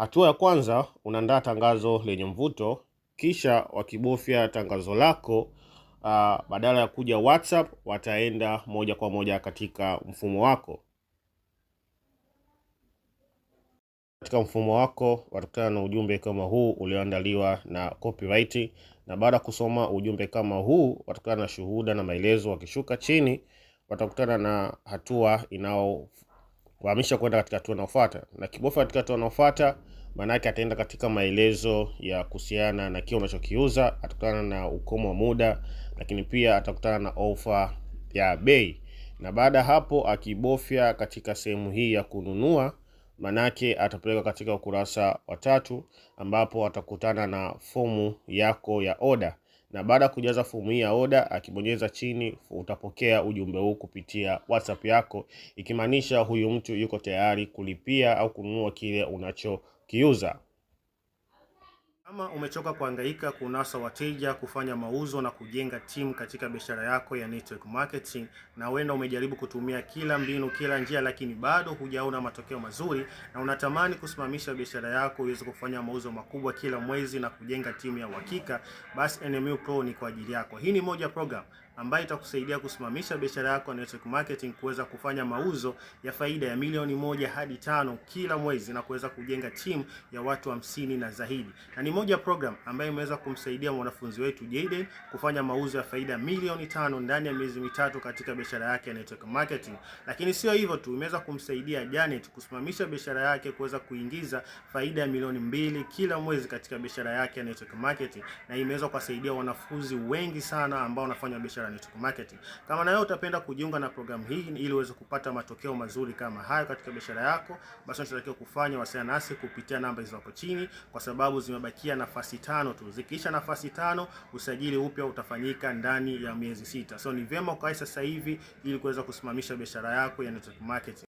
Hatua ya kwanza, unaandaa tangazo lenye mvuto, kisha wakibofya tangazo lako uh, badala ya kuja WhatsApp wataenda moja kwa moja katika mfumo wako. Katika mfumo wako watakutana na ujumbe kama huu ulioandaliwa na copyright, na baada ya kusoma ujumbe kama huu watakutana na shuhuda na maelezo. Wakishuka chini watakutana na hatua inao kuhamisha kwenda katika hatua inayofuata, na kibofya katika hatua inayofuata maana yake ataenda katika maelezo ya kuhusiana na kile unachokiuza, atakutana na ukomo wa muda, lakini pia atakutana na ofa ya bei. Na baada ya hapo akibofya katika sehemu hii ya kununua, maanaake atapeleka katika ukurasa wa tatu ambapo atakutana na fomu yako ya oda na baada ya kujaza fomu hii ya oda, akibonyeza chini utapokea ujumbe huu kupitia WhatsApp yako, ikimaanisha huyu mtu yuko tayari kulipia au kununua kile unachokiuza. Kama umechoka kuhangaika kunasa wateja, kufanya mauzo na kujenga timu katika biashara yako ya network marketing, na huenda umejaribu kutumia kila mbinu, kila njia, lakini bado hujaona matokeo mazuri, na unatamani kusimamisha biashara yako iweze kufanya mauzo makubwa kila mwezi na kujenga timu ya uhakika, basi NMU Pro ni kwa ajili yako. Hii ni moja program ambayo itakusaidia kusimamisha biashara yako ya network marketing kuweza kufanya mauzo ya faida ya milioni moja hadi tano kila mwezi na kuweza kujenga timu ya watu hamsini na zaidi. Na ni moja program ambayo imeweza kumsaidia mwanafunzi wetu Jaden kufanya mauzo ya faida milioni tano ndani ya miezi mitatu katika biashara yake ya network marketing. Lakini sio hivyo tu, imeweza kumsaidia Janet kusimamisha biashara yake kuweza kuingiza faida ya milioni mbili kila mwezi katika biashara yake ya network marketing na imeweza kuwasaidia wanafunzi wengi sana ambao wanafanya biashara na network marketing. Kama na wewe utapenda kujiunga na programu hii ili uweze kupata matokeo mazuri kama hayo katika biashara yako, basi unatakiwa kufanya wasiliana nasi kupitia namba hizo hapo chini, kwa sababu zimebakia nafasi tano tu. Zikiisha nafasi tano, usajili upya utafanyika ndani ya miezi sita. So ni vyema ukae sasa hivi ili kuweza kusimamisha biashara yako ya network marketing.